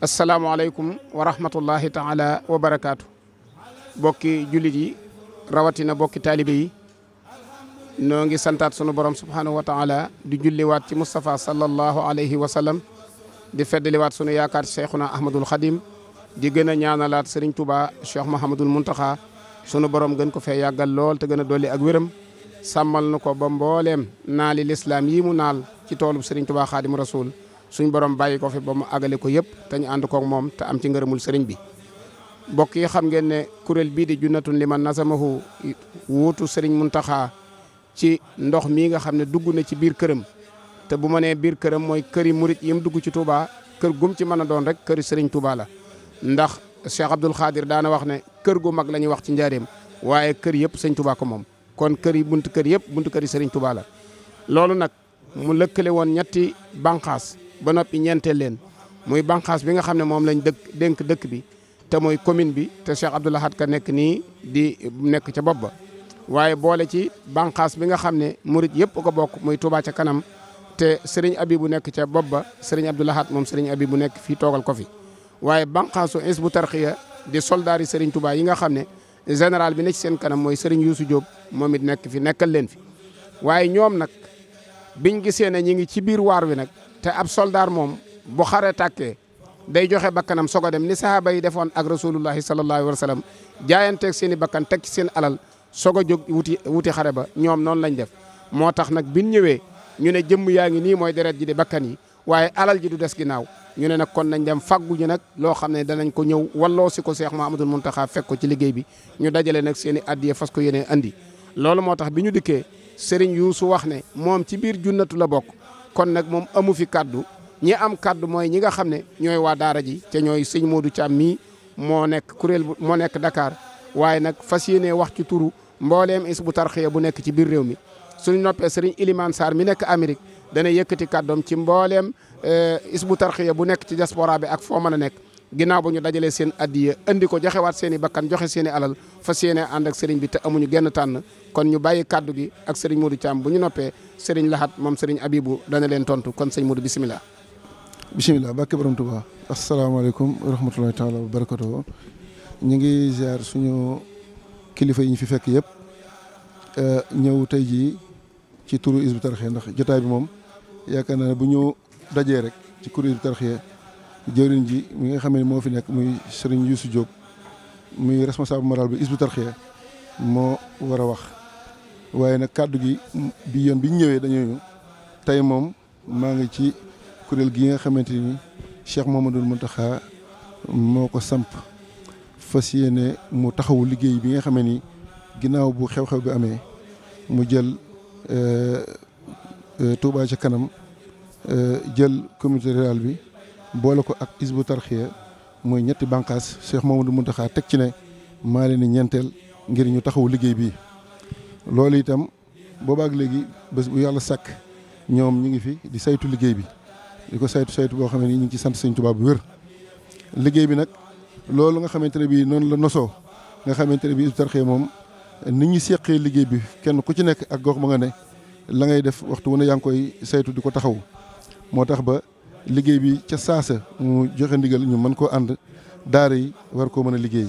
asalaamaaleykum wa rahmatullahi taala wa barakaatu. bokki jullit yi rawatina bokki taalibe yi noo ngi santaat sunu borom subhaanahu wa taala di julliwaat ci Moustapha sallallahu alayhi wa sallam di feddaliwaat sunu yaakaar Cheikhuna Ahmadul Xadim di gën a ñaanalaat Serigne Touba Cheikh Mouhamadul Mountakha sunu borom gën ko fee yàggal lool te gën a dolli ak wéram. sàmmal na ko ba mbooleem naali lislaam yii mu naal ci toolub sëriñ tubaa xaadim rasul suñ borom bàyyi ko fi ba mu àggale ko yëpp te ñu ànd koog moom te am ci ngërëmul sëriñ bi mbokk yi xam ngeen ne kuréel bii di junnatun liman nasamahu wuutu sëriñ muntaxaa ci ndox mii nga xam ne dugg na ci biir këram te bu ma nee biir këram mooy këri murit yi mu dugg ci Touba kër gum ci mën a doon rek këri sëriñ Touba la ndax Cheikh Abdoul Khadir daane wax ne kër gu mag la ñuy wax ci njaareem waaye kër yëpp sëñ ko moom kon kër yi buntu kër yëpp buntu kër yi Serigne Touba loolu nag mu lëkkale woon ñetti banqaas ba noppi ñeenteel leen muy banqaas bi nga xam ne moom lañ dëkk dénk dëkk bi te mooy commune bi te Cheikh Abdou Lahad Ka nekk nii di nekk ca bopp ba waaye boole ci banqaas bi nga xam ne murit yëpp ko bokk muy Touba ca kanam te Serigne Abibu nekk ca bopp ba Serigne Abdou Lahad moom Serigne bu nekk fii toogal ko fi waaye banqaasu Hizbut Tarqiyyah di soldaari Serigne Touba yi nga xam ne général bi ne ci seen kanam mooy sëriñ Youssou Diop moom it nekk fi nekkal leen fi waaye ñoom nag biñ gisee ne ñi ngi ci biir waar wi nag te ab soldaar moom bu xare tàkkee day joxe bakkanam soog dem ni sahaaba yi defoon ak rasulullahi sallallahu alayhi wa sallam jaayanteeg seen i bakkan teg ci seen alal soog a jóg wuti wuti xare ba ñoom noonu lañ def moo tax nag biñ ñëwee ñu ne jëm yaa ngi nii mooy deret ji di bakkan yi waaye alal ji du des ginnaaw ñu ne nag kon nañ dem fagguñu nag loo xam ne danañ ko ñëw walloo si ko Seex Mahamadul Muntaxa fekk ko ci liggéey bi ñu dajale nag seeni i addiye fas ko yéene andi loolu moo tax bi ñu dikkee Serigne Youssou wax ne moom ci biir junnatu la bokk kon nag moom amu fi kaddu ñi am kàddu mooy ñi nga xam ne ñooy waa daara ji te ñooy sëñ Modou Thiam mii moo nekk kuréel moo nekk Dakar waaye nag fas yéene wax ci turu mbooleem is bu tarxiya bu nekk ci biir réew mi suñu noppee Serigne Ilimane Sarr nekk Amérique dana yëkkati kàddoom ci mbooleem eh, isbu tarxiya bu nekk ci diaspora bi ak foo mën a nekk ginnaaw bu ñu dajalee seen addiya indi ko joxewaat seen i bakkan joxe seen i alal fas yéene ànd ak sëriñ bi te amuñu genn tànn kon ñu bàyyi kàddu gi ak sëriñ Modou Thiam bu ñu noppee sëriñ Lahat moom sëriñ Abibou dana leen tontu kon sëñ Modou bisimilah. bisimilah bàkke borom Tuubaa asalaamaaleykum wa rahmatulahi taala wa barakatuh ñu ngi ziar suñu kilifa yi ñu fi fekk yëpp eh, ñëw tey jii ci turu Hizbut Tarqiyyah ndax jotaay bi moom. yaakaar naa ne bu ñu dajee rek ci kuréelu tarxiya jëwriñ ji mi nga xam ne moo fi nekk muy sëriñ Youssou Diop muy responsable moral bi isbu tarxiya moo war a wax waaye nag kàddu gi bi yoon bi ñu ñëwee dañoo tey moom maa ngi ci kuréel gi nga xamante ni Cheikh Mouhamadoul Mountakha moo ko samp fas yéene mu taxawu liggéey bi nga xamee ni ginnaaw bu xew-xew bi amee mu jël euh, Euh, Touba ca kanam euh, jël communauté rurale bi boole ko ak isbu tarxiya mooy ñetti bànqaas Cheikh Mamadou Mountakha teg ci ne maa ni di ñeenteel ngir ñu taxawu liggéey bi loolu itam boobaak léegi bés bu yàlla sàkk ñoom ñu ngi fi di saytu liggéey bi di ko saytu saytu boo xam ne nii ñu ngi ci sant sëñ Tuubaa bu wér liggéey bi nag loolu nga xamante ne bii noonu la nosoo nga xamante ne bii isbu moom nit ñu seqee liggéey bi kenn ku ci nekk ak gox ba nga ne la ngay def waxtu wu ne yaa ngi koy saytu di ko taxaw moo tax ba liggéey bi ca saasa mu joxe ndigal ñu mën koo ànd daara yi war koo mën a liggéey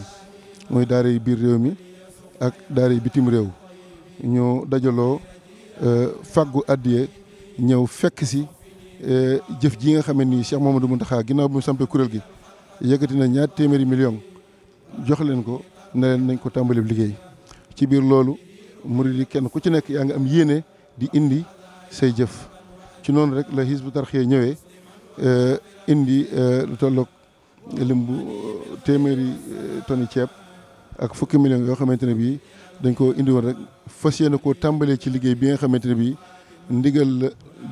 mooy daara yi biir réew mi ak daara yi bitim réew ñu dajaloo euh, fàggu addiye ñëw fekk si euh, jëf ji nga xam ne nii du Mamadou Mountakha ginnaaw bi mu sampee kuréel gi yëkkati na ñaar téeméeri million jox leen ko ne nañ ko tàmbali liggéey ci biir loolu murid yi kenn ku ci nekk yaa ngi am yéene. di indi say jëf ci noonu rek la Hizbut Tarqiyyah ñëwee eh, indi eh, lu tolloog lim bu eh, téeméeri tonni ceeb ak fukki millions yoo xamante ne bii dañ ko indi woon rek fës yéene koo tàmbalee ci liggéey bi nga xamante ne bii ndigal la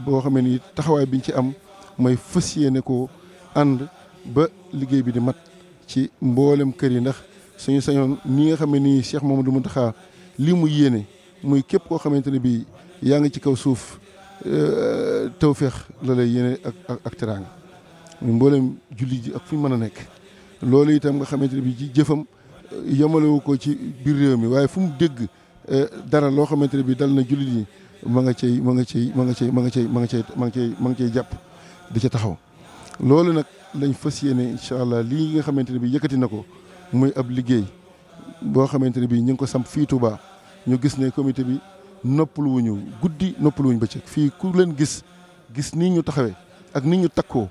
boo xamee ni taxawaay biñ ci am mooy fas yéene koo ànd ba liggéey bi di mat ci mboolem kër yi ndax suñu sañoon nii nga xam ne nii Cheikh Mamadou Mountakha lii mu yéene muy képp koo xamante ne bii yaa ngi ci kaw suuf euh, tawféex la lay yéene ak ak teraanga mboolem julli ji ak fu mën a nekk loolu itam nga xamante ne bi ci jëfam euh, yamalewu ko ci biir réew mi waaye fu mu dégg euh, dara loo xamante ne bi dal na jullit yi ma nga cay ma nga cay ma nga cay ma nga cay ma nga cay ma nga cay ma nga cay jàpp di ca taxaw loolu nag lañ fas yéene incha allah lii nga xamante ne bi yëkkati na ko muy ab liggéey boo xamante ne bi ñu ngi ko samp fii Touba ñu gis ne comité bi noppaluwuñu guddi noppaluwuñu bëccëg fii ku leen gis gis nii ñu taxawee ak ni ñu takkoo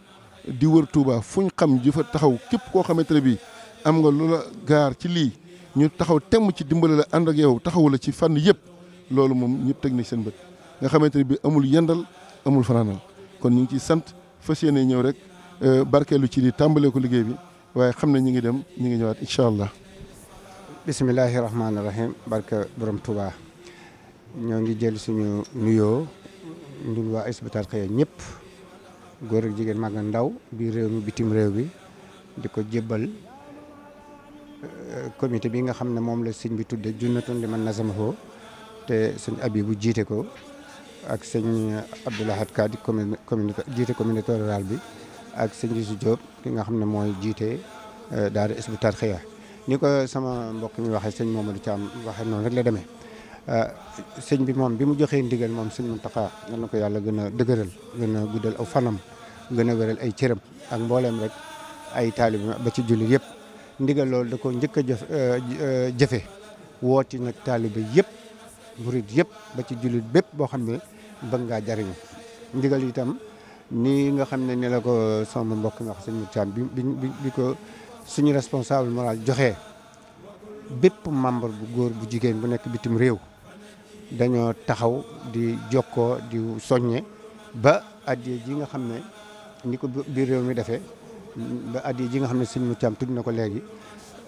di wër Touba fuñ xam ji fa taxaw képp koo xamante ne bii am nga loola gaar ci lii ñu taxaw temm ci dimbale la ànd ak yow taxawu la ci fànn yëpp loolu moom ñëpp teg seen bët nga xamante ne bii amul yendal amul fanaanal kon ñu ngi ciy sant fas yéene ñëw rek euh, barkeelu ci lii tàmbalee ko liggéey bi waaye xam ne ñu ngi dem ñu ngi ñëwaat incha allah. bismillahi rahmaani borom Touba. ñoo ngi jël suñu nuyoo ñun waa Hizbut Tarqiyyah ñëpp góor ak jigéen mag ak ndaw biir réew mi bitim réew bi di ko jébbal euh, comité bi nga xam ne moom la sëñ bi tudde junnatun liman nazamahu te sëñ Abibu jiite ko ak sëñ Abdou Lahad Ka di commune jiite communauté rurale bi ak sëñ Youssou Diop ki nga xam ne mooy jiite euh, daara Hizbut Tarqiyyah ni ko sama mbokk mi waxee sëñ Mamadou Thiam waxee noonu rek la deme Euh, sëñ bi moom bi mu joxee ndigal moom sëñ Mountakha yal na ko yàlla gën a dëgëral gën a guddal aw fanam gën a wéral ay cëram ak mbooleem rek ay taalibe ba ci jullit yëpp ndigal loolu da ko njëkk a jëf euh, euh, jëfe wooti nag taalibe yëpp murit yëpp ba ci jullit bépp boo xam ne bëgg ngaa jariñ ndigal itam nii nga xam ne ni la ko sama mbokk mi wax sëñ Mountakha bi bi ko suñu responsable moral joxe bépp membre bu góor bu jigéen bu nekk bitim réew dañoo taxaw di jokkoo di soññe ba addiya ji nga xam ne ni ko biir réew mi defee ba addiya ji nga xam ne sëñ Mucaam tudd na ko léegi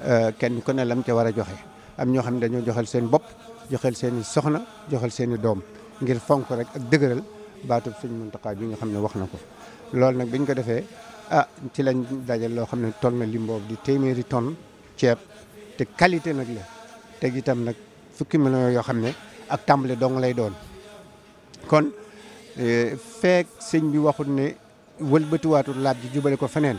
euh, kenn ku ne lam ca war a joxe am ñoo xam ne dañoo joxal seen bopp joxal seen i soxna joxal seen i doom ngir fonk rek ak dëgëral baatub sëñ Muntaxaa bi nga xam ne wax na ko loolu nag biñ ko defee a ah, ci lañ dajal loo xam ne tol na lim boobu di téeméeri ton ceeb te qualité nag la te itam nag fukki millions yoo xam ne ak tàmbali dong lay doon kon eh, feek sëñ bi waxut ne wëlbatiwaatul laaj ji jubale ko feneen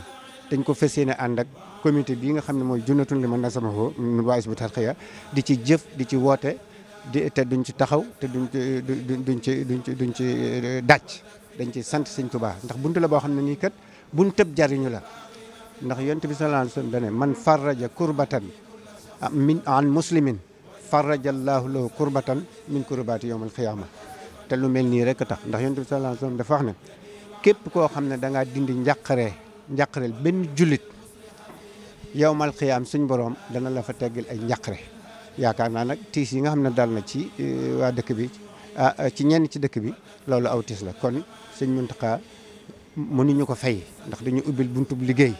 dañ ko fas yéene ànd ak comité bii nga xam ne mooy junnatun li man na sama ko nu waa Hizbut Tarqiyyah di ci jëf di ci woote di te duñ ci taxaw te duñ ci duñ ci duñ duñ ci eh, dàcc dañ ci sant sëñ Tuubaa ndax buntu la boo xam ne nii kat buñ tëb jariñu la ndax yonent bi sallallahu alayhi wasallam dane man farraja kurbatan ah, min an muslimin farajallaahu lahu kurbatan min kurbaati yowmal xiyaama te lu mel nii rek tax ndax yonent bi sallallaahu alayhi wa sallam dafa wax ne képp koo xam ne da ngaa dindi njàqare njàqareel benn jullit yowmal xiyaam suñ borom dana la fa teggil ay njàqare yaakaar naa nag tiis yi nga xam ne daal na ci e, waa dëkk bi ci ñenn ci dëkk bi loolu aw tiis la kon sëñ Muntaxa mënuñu ko fay ndax dañu ubbil buntub liggéey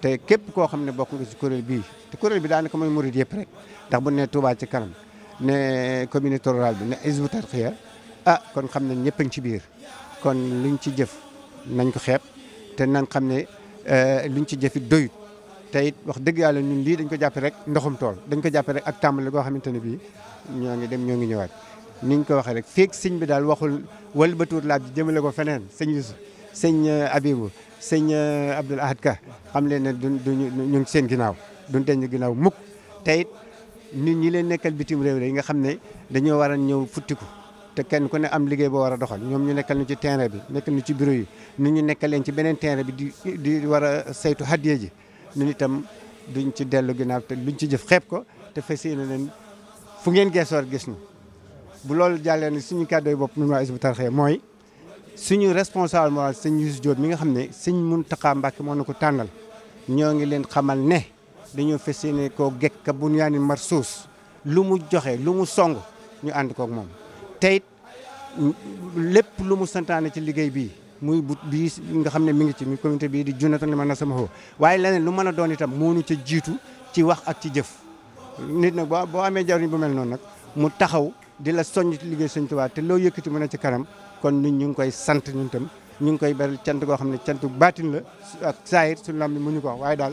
te képp koo xam ne bokk nga si kuréel bii te kuréel bi daanaka mooy murid yëpp rek ndax bu ne Touba ci kanam ne communauté rurale bi ne Hizbut Tarqiyyah ah kon xam ne ñëpp a ngi ci biir kon luñ ci jëf nañ ko xeeb te nañ xam ne eh, luñ ci jëfit doyut te wax dëgg yàlla ñun lii dañ ko jàppe rek ndoxum tool dañ ko jàppe rek ak xamante ne bii ñoo ngi dem ñoo ngi ñëwaat niñ ko waxee rek feeg sëñ bi daal waxul wal batuur laab jëmale ko feneen sëñ Yusuf sëñ eh, Abibu sëñ euh, Abdoul Ahad Ka xam leen ne duñ duñ ñu seen ginaaw duñ teñ ginnaaw mukk tey it nit ñi leen nekkal bitim réew yi nga xam ne dañoo war a ñëw futtiku te kenn ku ne am liggéey boo war a doxal ñoom ñu nekkal ñu ci terrain bi nekkal ñu ci bureau yi nit ñu nekkal leen ci beneen terrain bi di war a saytu hadiya ji ñun tam duñ ci dellu ginaaw te luñ ci jëf xepp ko te fas yéene leen fu ngeen geesoor gis ñu bu loolu jàllee ne suñu kàddooy bopp ñun waa Hizbut Tarqiyyah mooy suñu responsable moral sëñ Youssou joot mi nga xam ne sëñ Mountakha Mbacké moo na ko tànnal ñoo ngi leen xamal ne dañoo fas yéene koo gekka bu ñu mar lu mu joxe lu mu song ñu ànd kook moom teyit lépp lu mu santaane ci liggéey bii muy but bii nga xam ne mi ngi ci mi communauté bii di junatan li mën na sama xoo waaye leneen lu mën a doon itam mu ñu ci jiitu ci wax ak ci jëf nit nag boo boo amee jariñ bu mel noonu nag mu taxaw di la soññ ci liggéey sëñ Tuubaa te loo yëkkati mën a ci kanam kon ñun ñu ngi koy sant ñun tam ñu ngi koy beral cant goo xam ne cant baatin la ak saayir suñu lam bi mënu ko waaye daal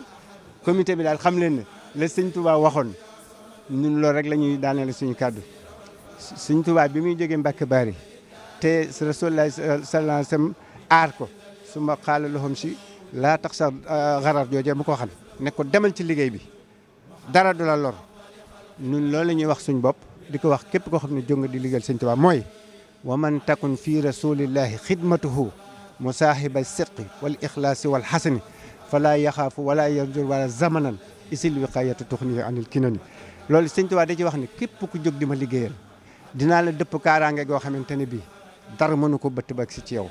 comité bi daal xam leen ne la sëñ Touba waxoon ñun loolu rek lañuy ñuy daaneele suñu kàddu sëñ Touba bi muy jógee mbakk baari te Rasulullah sallallahu alayhi wasallam aar ko su ma xaala loxoom si laa tax sax euh, xarar joojee mu ko xam ne ko demal ci liggéey bi dara du la lor ñun loolu la ñuy wax suñ bopp di ko wax képp koo xam ne jóg nga di liggéeyal sëñ Touba mooy wa man takun fi rasulillahi xidmatuhu musaahiba sidqi wal ixlaasi wal xasani falaa yaxaafu wala yarjur wala zamanan isil wiqayata tuxnihi anil kinani loolu sëñ Tuubaa da ci wax ne képp ku jóg di ma liggéeyal dinaa la dëpp kaaraange goo xamante ne bii dara mënu ko bëtt ba si ci yow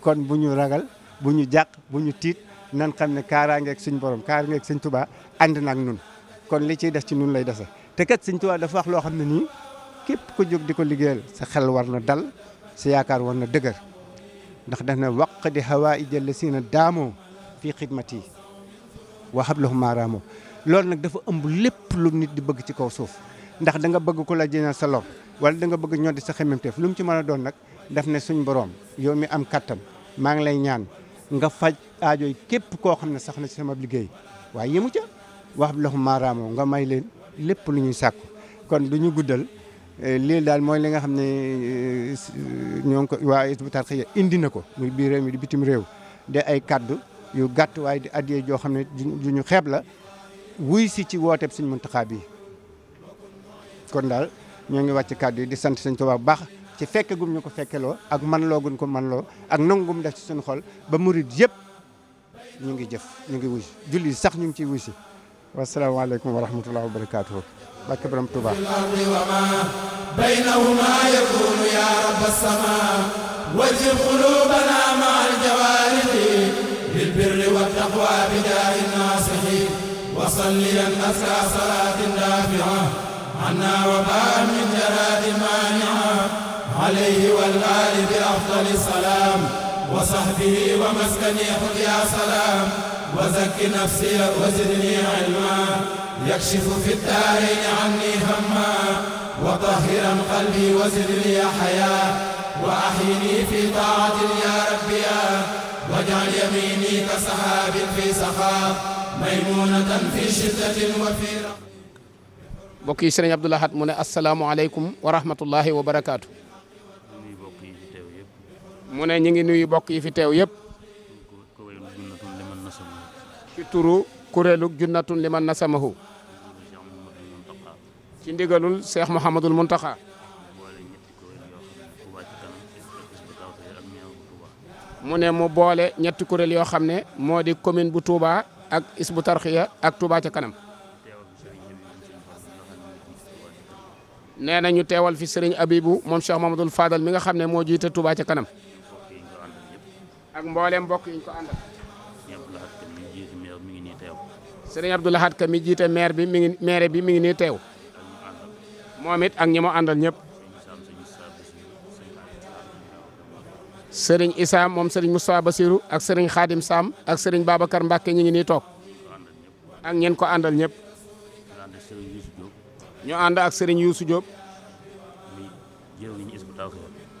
kon bu ñu ragal bu ñu jàq bu ñu tiit nan xam ne kaaraangeeg suñ borom kaaraangeeg sëñ Tuubaa ànd na ak nun kon li ci des ci nun lay dese te kat sëñ Tuubaa dafa wax loo xam ne nii képp ku jóg di ko liggéeyal sa xel war na dal sa yaakaar war na dëgër ndax daf ne waq di hawa i jël si na daamoo fii xidmat yi wa hablahum maaraamoo loolu nag dafa ëmb lépp lu nit di bëgg ci kaw suuf ndax da nga bëgg ko la jëñal sa lor wala da nga bëgg ñoo di sa xememteef lu mu ci man a doon nag daf ne suñ boroom yow mi am kattan maa ngi lay ñaan nga faj aajooy képp koo xam ne sax na ci sama liggéey waaye yemu ca wax bi loxu maaraamoo nga may leen lépp lu ñuy sàkku Euh, lii daal mooy li nga xam ne euh, ñoo ngi ko waa Hizbut Tarqiyyah indi na ko muy biir réew mi di bitim réew de ay kaddu yu gàtt waaye di addiyee joo xam ne ju ñu xeeb la wuy si ci wooteeb Sëñ Muntaxa bi kon daal ñoo ngi wàcc kaddu yi di sant Sëñ Tuubaa bu baax ci fekke gum ñu ko fekkeloo ak man loo gun ko man loo ak nangum def ci suñu xol ba murid yëpp ñu ngi jëf ñu ngi wuy si sax ñu ngi ciy wuy si wasalaamaaleykum wa rahmatullahi wa barakaatuhu barke borom Touba baynahuma yakunu ya rabb as-sama wajjih qulubana ma'al jawarih bil birri wat taqwa bi jahi nasihi wa salliyan asra salatin nafi'a anna wa ba'an min jaradi mani'a alayhi wal ali bi afdali salam wa sahbihi wa maskani ya salam وزك نفسي وزدني علما يكشف في الدارين عني هما وطهرا قلبي وزدني حياة وأحيني في طاعة يا ربي واجعل يميني كسحاب في سخاء ميمونة في شدة وفي mbokk yi sëriñ Abdou Lahad mu ne asalaamaaleykum wa rahmatullahi wa barakaatu. mu ne ñu ngi nuyu mbokk yi fi teew yëpp. turu kuréelu junnatun liman nasamahu ci ndigalul Cheikh Mouhamadul Mountakha mu ne mu boole ñetti kuréel yoo xam ne moo di commune bu Touba ak Isbu Tarxiya ak Touba ca kanam nee nañu teewal fi Serigne Abibu moom Cheikh Mouhamadul Fadal mi nga xam ne moo jiite Touba ca kanam sëriñ Abdou Lahad mi jiite maire bi mi ngi maire bi mi ngi nii teew moom it ak ñi àndal ñëpp. sëriñ Issa moom sëriñ Moustapha Bassirou ak sëriñ Khadim Sam ak sëriñ Babacar Mbacke ñu ngi nii toog ak ñeen ko àndal ñëpp. ñu ànd ak sëriñ Youssou Diop.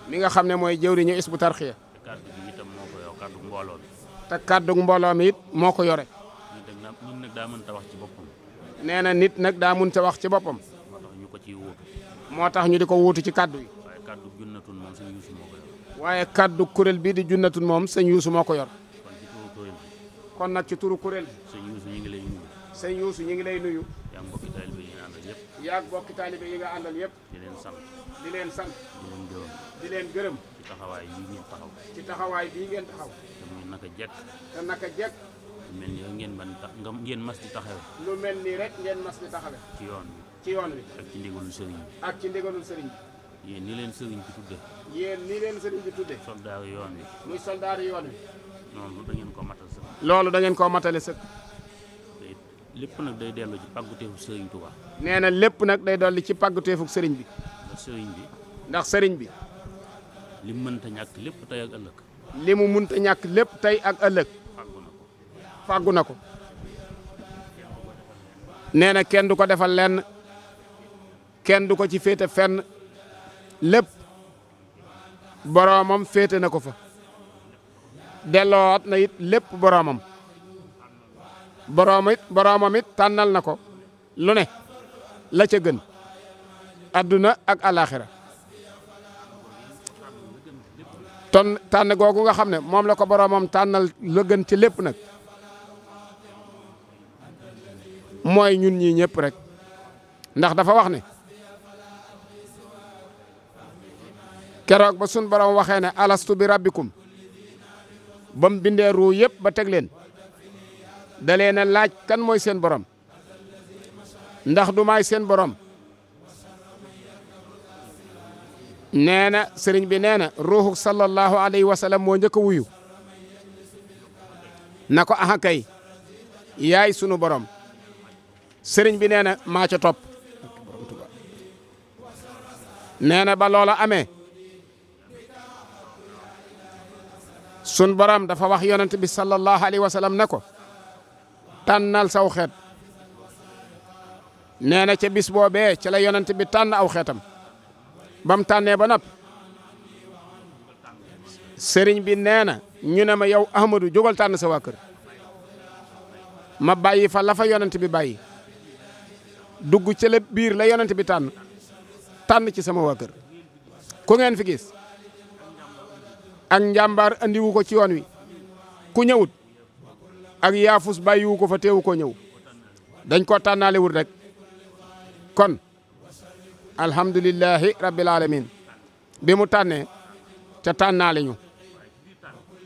mi nga xam ne mooy jëwriñu Hizbut Tarqiyyah. te kàddu mbooloo mi it moo ko yore. nit nag daa mënta wax ci boppam. nee na nit nag daa mun mënta wax ci boppam. moo tax ñu ko ci wóotu. moo tax ñu di ko wóotu ci kaddu yi. waaye kaddu junnatun moom sëñ Youssou moo ko yor. waaye kàddu kuréel bii di junnatun moom sëñ Youssou moo ko yor. kon nag ci turu kuréel bi. sëñ Youssou ñu ngi lay nuyu. sëñ Youssou ñu ngi lay nuyu. yaa mbokki taalibe yi nga àndal yëpp. yaa mbokki taalibe yi nga àndal yëpp. di leen sant. di leen sant. di leen gërëm. di leen gërëm. ci taxawaay bii taxawaay bii ngeen lu mel nii rek ngeen man tax nga ngeen mas di taxawe lu mel nii rek ngeen mas di taxawe ci yoon bi ci yoon bi ak ci ndigalul sëriñ bi ak ci ndigalul sëriñ bi yéen ni leen sëriñ bi tudde yéen ni leen sëriñ bi tudde soldaaru yoon wi muy soldaaru yoon wi loolu da ngeen koo matal sëkk loolu da ngeen koo matale sëkk lépp nag day dellu ci pàgguteefu sëriñ Touba nee na lépp nag day dolli ci pàgguteefu sëriñ bi ndax sëriñ bi ndax sëriñ bi li mu mënta ñàkk lépp t ak ak fàggu na ko nee na kenn du ko defal lenn kenn du ko ci féete fenn lépp boroomam féete na ko fa delloowaat na it lépp boroomam boroom it tànnal na ko lu ne la ca gën adduna ak alaxira ton tànn googu nga xam ne moom la ko boroomam tànnal la gën ci lépp nag mooy ñun ñii ñëpp rek ndax dafa wax ne keroog ba sun borom waxee ne alastu bi ràbbikum ba mu bindee ruu yëpp ba teg leen da leen laaj kan mooy seen borom ndax du maay seen borom nee na sëriñ bi nee na ruuxu sallallahu alayhi wa moo njëkk a wuyu na ko axa kay yaay sunu borom. sëriñ bi nee na maa ca topp nee na ba loola amee sun boram dafa wax yonent bi sallallahu alayhi wa sallam ne ko tànnal saw xeet nee na ca bis boobee ca la yonent bi tànn aw xeetam ba mu tànnee ba nopp sëriñ bi nee na ñu ne ma yow Ahmadou jógal tànn sa waa ma bàyyi fa lafa fa bi bàyyi dugg ci la biir la yonent bi tànn tànn ci sama waa ku ngeen fi gis ak njàmbaar andiwu ko ci yoon wi ku ñëwut ak yaafus bàyyiwu ko fa teewu ko ñëw dañ ko tànnaalewul rek kon alhamdulillahi rabbil alamin bi mu tànnee ca tànnaale ñu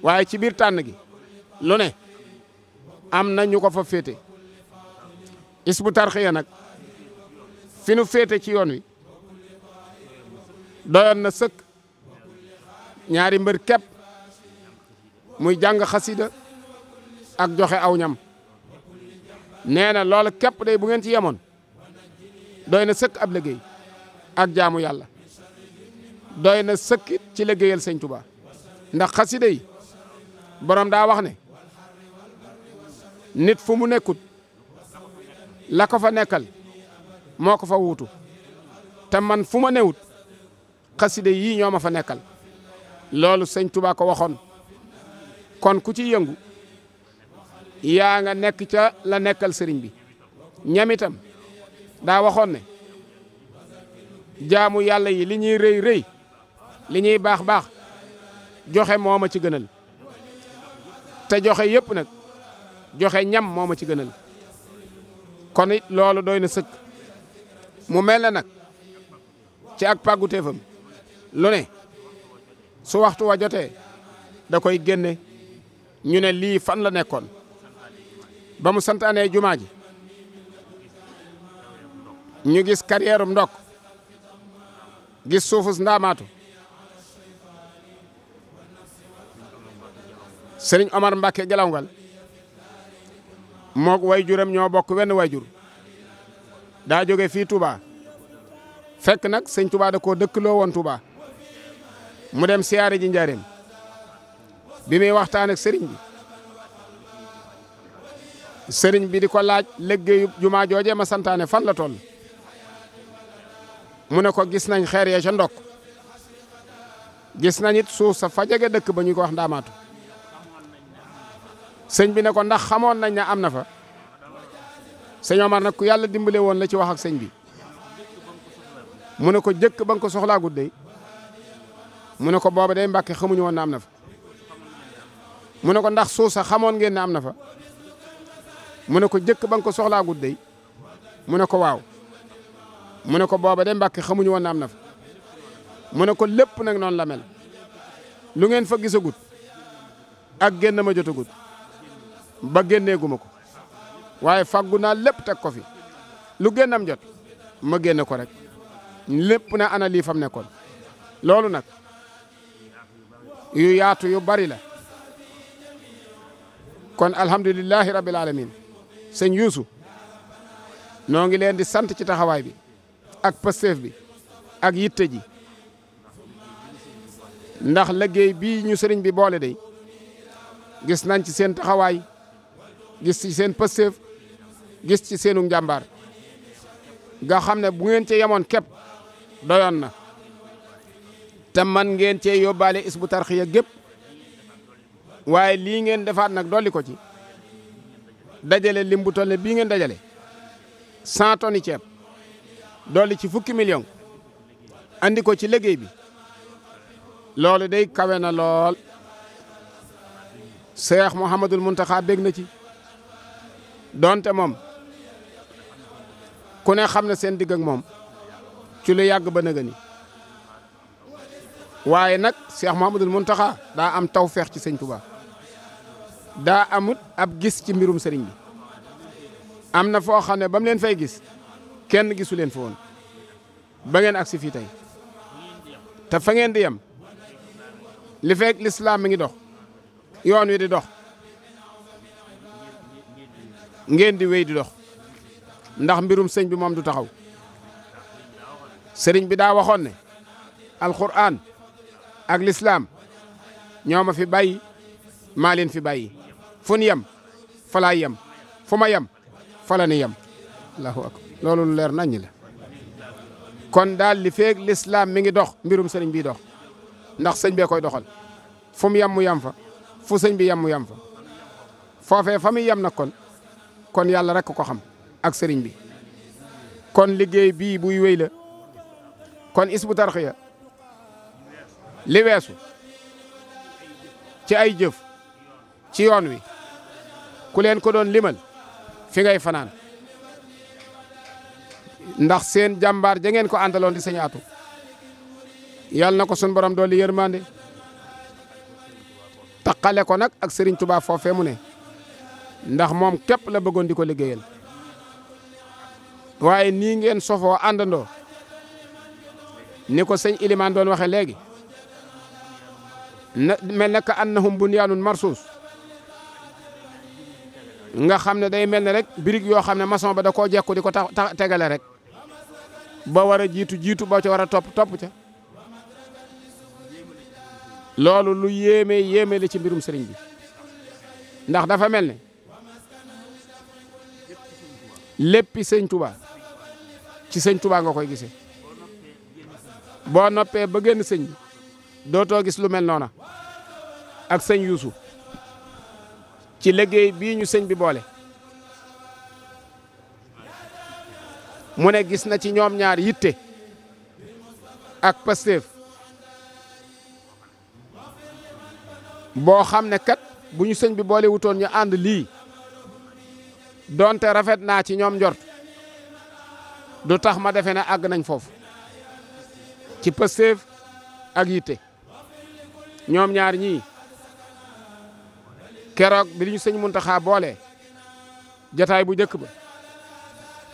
waaye ci biir tànn gi lu ne am na ñu ko fa féete isbu tarxiya nag fi nu féete ci yoon wi doyoon na sëkk ñaari mbër képp muy jàng xasida ak joxe aw ñam nee na loola képp day bu ngeen ci yemoon doy na sëkk ab liggéey ak jaamu yàlla doy na sëkkit ci liggéeyal sëñ Tuubaa ndax xasida yi borom daa wax ne nit fu mu nekkut la ko fa nekkal moo ko fa wuutu te man fu ma newut xaside yii ñoo ma fa nekkal loolu sëñ Tuubaa waxoon kon ku ci yëngu yaa nga nekk ca la nekkal sëriñ bi ñam itam daa waxoon ne jaamu yàlla yi li ñuy rëy rëy li ñuy baax baax joxe moom a ci gënal te joxe yëpp nag joxe ñam moom a ci gënal kon loolu doy na sëkk mu mel na nag ci ak pàgguteefam lu ne su waxtu wa jotee da koy génne ñu ne lii fan la nekkoon ba mu santaanee jumaa ji ñu gis carrière ndok gis suufus ndaamaatu sëriñ Omar Mbacke Gelawngal moog way juram ñoo bokk wenn way jur daa jóge fii Touba fekk nag sëñ Touba da dëkk loo woon Touba mu dem siyaare ji njariñ bi muy waxtaan sëriñ bi sëriñ bi di ko laaj liggéeyu jumaa joojee ma santaane fan la toll mu ne ko gis nañ xeer ya ca ndokk gis nañ it suuf sa fa jege dëkk ba ñu ko wax ndaamaatu sëñ bi ne ko ndax xamoon nañ ne am na fa sëñ Omar nag ku yàlla dimbale woon la ci wax ak sëñ bi mu ne ko jëkk ba nga ko soxlaa guddee mu ne ko booba day mbàkke xamuñu woon na am na fa mu ne ko ndax suuf sax xamoon ngeen ne am na fa mu ne ko jëkk ba nga ko soxlaa guddee mu ne ko waaw mu ne ko booba day mbàkke xamuñu woon na am na fa mu ne ko lépp nag noonu la mel lu ngeen fa gisagut ak génn ma jotagut ba génneeguma ko waaye faggu naa lépp teg ko fi lu génnam jot ma génne ko rek lépp na ana lii fam nekkoon loolu nag yu yaatu yu bari la kon alhamdulilahi rabil alamin sëñ Yuusu noo ngi leen di sant ci taxawaay bi ak pësteef bi ak yitte ji ndax liggéey bii ñu sëriñ bi boole day gis nañ ci seen taxawaay gis ci seen pësteef gis ci seenu njàmbaar nga xam ne bu ngeen cee yemoon képp doyoon na te man ngeen cee yóbbaale isbu tarxiya gépp waaye lii ngeen defaat nag dolli ko ci dajale lim bu toll bii ngeen dajale cent tonnes ceeb dolli ci fukki million andi ko ci liggéey bi loolu day kawe na lool Seex Muhammadul Muntaxa bég na ci doonte moom ku ne xam na seen digg ak moom ci lu yàgg ba nëgëni waaye nag Cheikh Mouhamadoul Mountakha daa am taw feex ci sëñ Touba daa amut ab gis ci mbirum sëriñ bi am na foo xam ne ba leen fay gis kenn gisu leen fa woon ba ngeen agsi fii te fa ngeen di yem li fekk lislaam mi ngi dox yoon wi di dox ngeen di wéy di dox ndax mbirum sëñ bi moom du taxaw sëriñ bi daa waxoon ne alxuraan ak lislaam ñooma fi bàyyi maa leen fi bàyyi fu ñu yem fa yem fu ma yem fala la ni yem allahu akbar loolu leer naññi la kon daal li feeg lislaam mi ngi dox mbirum sëriñ bi dox ndax sëñ bee koy doxal fu mu mu yem fa fu sëñ bi yem mu yem fa foofee fa muy yem nag kon kon yàlla rekk ko xam ak sëriñ bi kon liggéey bii buy wéy la kon isbu tarxiya li weesu ci ay jëf ci yoon wi ku leen ko doon limal fi ngay fanaan ndax seen jàmbaar ja ngeen ko àndaloon di señaatu yàlla na ko sun borom dooli yërmande taqale ko nag ak sëriñ Touba foofee mu ne ndax moom képp la bëggoon di ko liggéeyal waaye nii ngeen sofoo àndandoo ni ko sëñ Ilimaan doon waxe léegi na mel na ka annahum bunyaanun marsuus nga xam ne day mel ne rek birig yoo xam ne maçon ba da koo jekku di ko tegale rek ba war jiitu jiitu ba ca war a topp topp ca loolu lu yéeme yéeme li ci mbirum sëriñ bi ndax dafa mel ne léppi sëñ Tuubaa ci sëñ Touba nga koy gisee boo noppee ba génn sëñ bi dootoo gis lu mel noona ak sëñ Yuusu ci liggéey bii ñu sëñ bi boole mu ne gis na ci ñoom ñaar yitte ak Pastef boo xam ne kat bu ñu sëñ bi boole wutoon ñu ànd lii donte rafet naa ci ñoom njor du tax ma defe ne àgg nañ foofu ci Pastef ak yitte ñoom ñaar ñii keroog bi li ñu sëñ boole jataay bu njëkk ba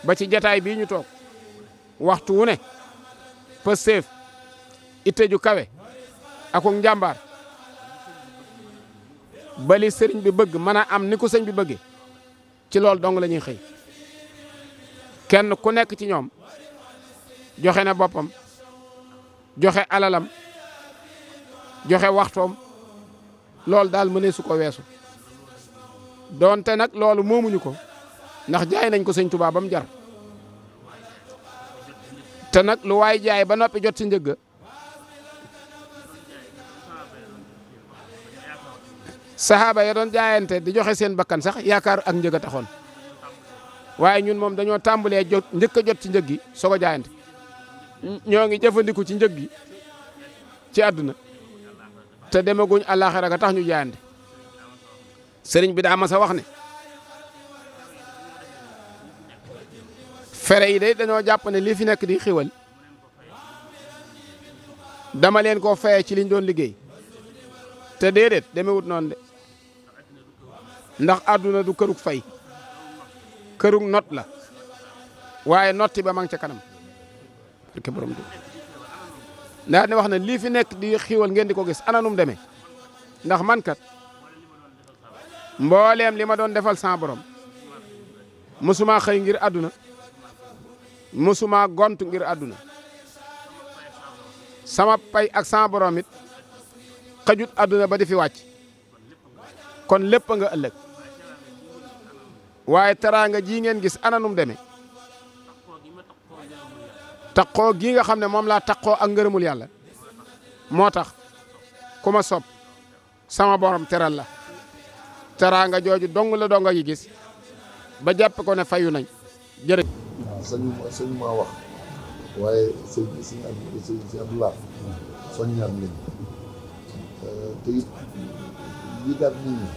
ba ci jataay bii ñu toog waxtu wu ne Pastef itte ju kawe ak njàmbaar bali sëriñ bi bëgg mën a am ni ko sëñ bi bëggee ci loolu dong la ñuy xëy kenn ku nekk ci ñoom joxe na boppam joxe alalam joxe waxtoom loolu daal mëneesu ko weesu doonte nag loolu moomuñu ko ndax jaay nañ ko sëñ Tuubaa ba mu jar te nag lu waay jaay ba noppi jot ci njëgg saxaaba ya doon jaayante di joxe seen bakkan sax yaakaar ak njëg waaye ñun moom dañoo tàmbalee jot njëkk a jot ci njëg gi soog a jaayante ñoo ngi jëfandiku ci njëg gi ci àdduna te demaguñ àllaaxira ka tax ñu jaayante sëriñ bi daa mas a wax ne fere yi day dañoo jàpp ne li fi nekk di xiwal dama leen koo faye ci liñ doon liggéey te déedéet demewut noon de ndax àdduna du këruk fay kërug not la waaye notti ba ma ngi ca kanam barke ne wax na lii fi nekk di xiiwal ngeen di ko gis ananum deme ndax man kat mbooleem li ma doon defal sans borom mosuma xëy ngir àdduna mosuma gont ngir àdduna sama pay ak sans borom it xajut àdduna ba di fi wàcc kon lépp nga ëllëg waaye teraanga jii ngeen gis ananum deme taqoo gii nga xam ne moom laa taqoo ak ngërëmul yàlla moo tax ku ma sob sama borom teral la teraanga jooju dong la donga yi gis ba jàpp ko ne fayu nañ jërëjëf. waaw sañu maa wax waaye sëñ si sëñ si te it lii daal nit ñi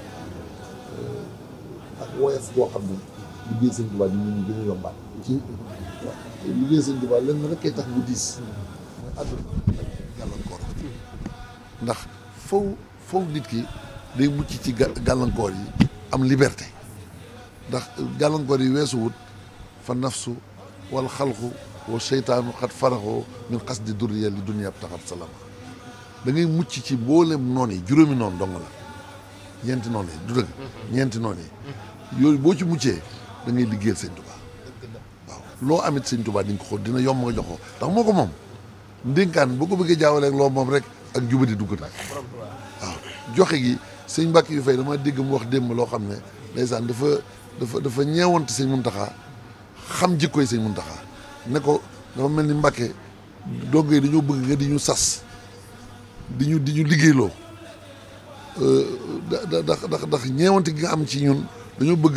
ak boo xam a yombaat ci tax bu diis mooy àdduna gàllankoor ndax faw nit ki day mucc ci gàllankoor yi am liberté ndax gàllankoor yi weesuwut fa nafsu wal xalqu wa seytaanu xat faraxoo min xas di durriya li dunya bi taxat salaama da ngay mucc ci mboolem noon yi juróomi noon don la ñeenti noonu yi du dëgg ñeenti noonu yi yooyu boo ci muccee da ngay liggéeyal sëñ Tuubaa loo amit sëñ Tuubaa di nga ko xool dina yomb nga jox ko moom ndinkaan boo ko bëggee jaawaleeg loo moom rek ak jubadi dugg na joxe gi sëñ Mbàkke yu fay dama dégg mu wax démb loo xam ne ndeysaan dafa dafa dafa ñeewante sëñ Muntaxa xam jikkoy sëñ Muntaxa ne ko dafa mel ni Mbàkke dongo yi dañoo bëgg nga di ñu sas di ñu di ñu liggéeyloo Euh, ndax ndax ndax ñeewante gi nga am ci ñun dañoo bëgg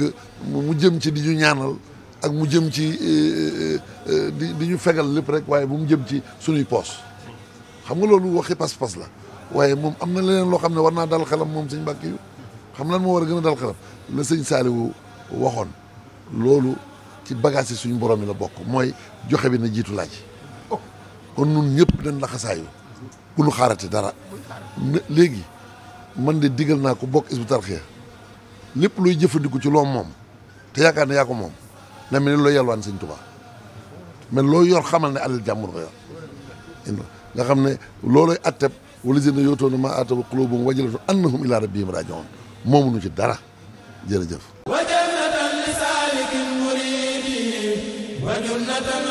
mu jëm ci di ñu ñaanal ak mu jëm ci euh, euh, di di ñu fegal lépp rek waaye bu mu jëm ci suñuy poos xam nga loolu waxi pas-pas la waaye moom am na leneen loo xam ne war naa dal xelam moom sëñ Mbàkke yu xam lan moo war a gën a dal xelam la sëñ Saaliwu waxoon loolu ci bagage yi suñu borom yi la bokk mooy joxe bi na jiitu laaj kon nun ñëpp dañ la xasaayu bu dara léegi man de digal naa ko bokk Hizbut Tarqiyyah lépp luy jëfandiku ci loo moom te yaakaar ne yaa moom na mel ni looy yalwaan sëñ Tuubaa mais loo yor xamal ne alal jàmbur nga yor nga xam ne looloy atteb wala zina yootoona ma ataba qulubuhum wajilatun annahum ila rabbihim rajiun moomuñu ci dara jërëjëf wa jannatan li saalikin muridi wa jannatan